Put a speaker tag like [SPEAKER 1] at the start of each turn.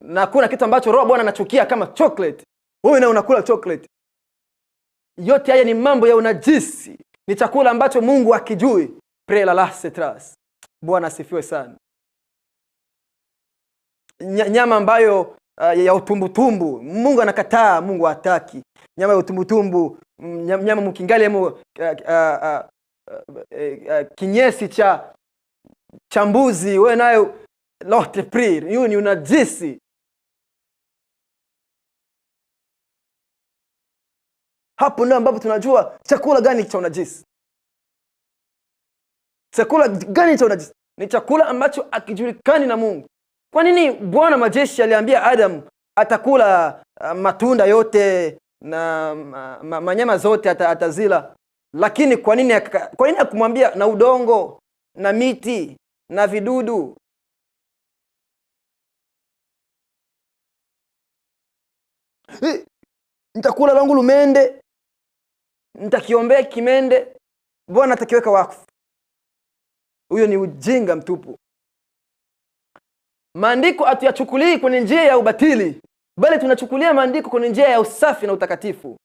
[SPEAKER 1] na kuna kitu ambacho roho bwana anachukia kama chocolate wewe na unakula chocolate yote haya ni mambo ya unajisi ni chakula ambacho mungu akijui bwana asifiwe sana nyama ambayo uh, ya utumbutumbu mungu anakataa mungu hataki nyama ya utumbutumbu mm, nyama mkingali amo uh, uh, uh, uh, kinyesi cha chambuzi wewe nayo lote huyu ni unajisi hapo ndio ambapo tunajua chakula gani cha unajisi chakula gani cha unajisi ni chakula ambacho akijulikani na mungu kwa nini bwana majeshi aliambia adam atakula uh, matunda yote na ma, uh, ma, manyama zote atazila lakini kwa nini kwa nini akumwambia na udongo na miti na vidudu eh, nitakula langu lumende nitakiombea kimende mbona atakiweka wakfu huyo ni ujinga mtupu maandiko hatuyachukulii kwenye njia ya ubatili bali tunachukulia maandiko kwenye njia ya usafi na utakatifu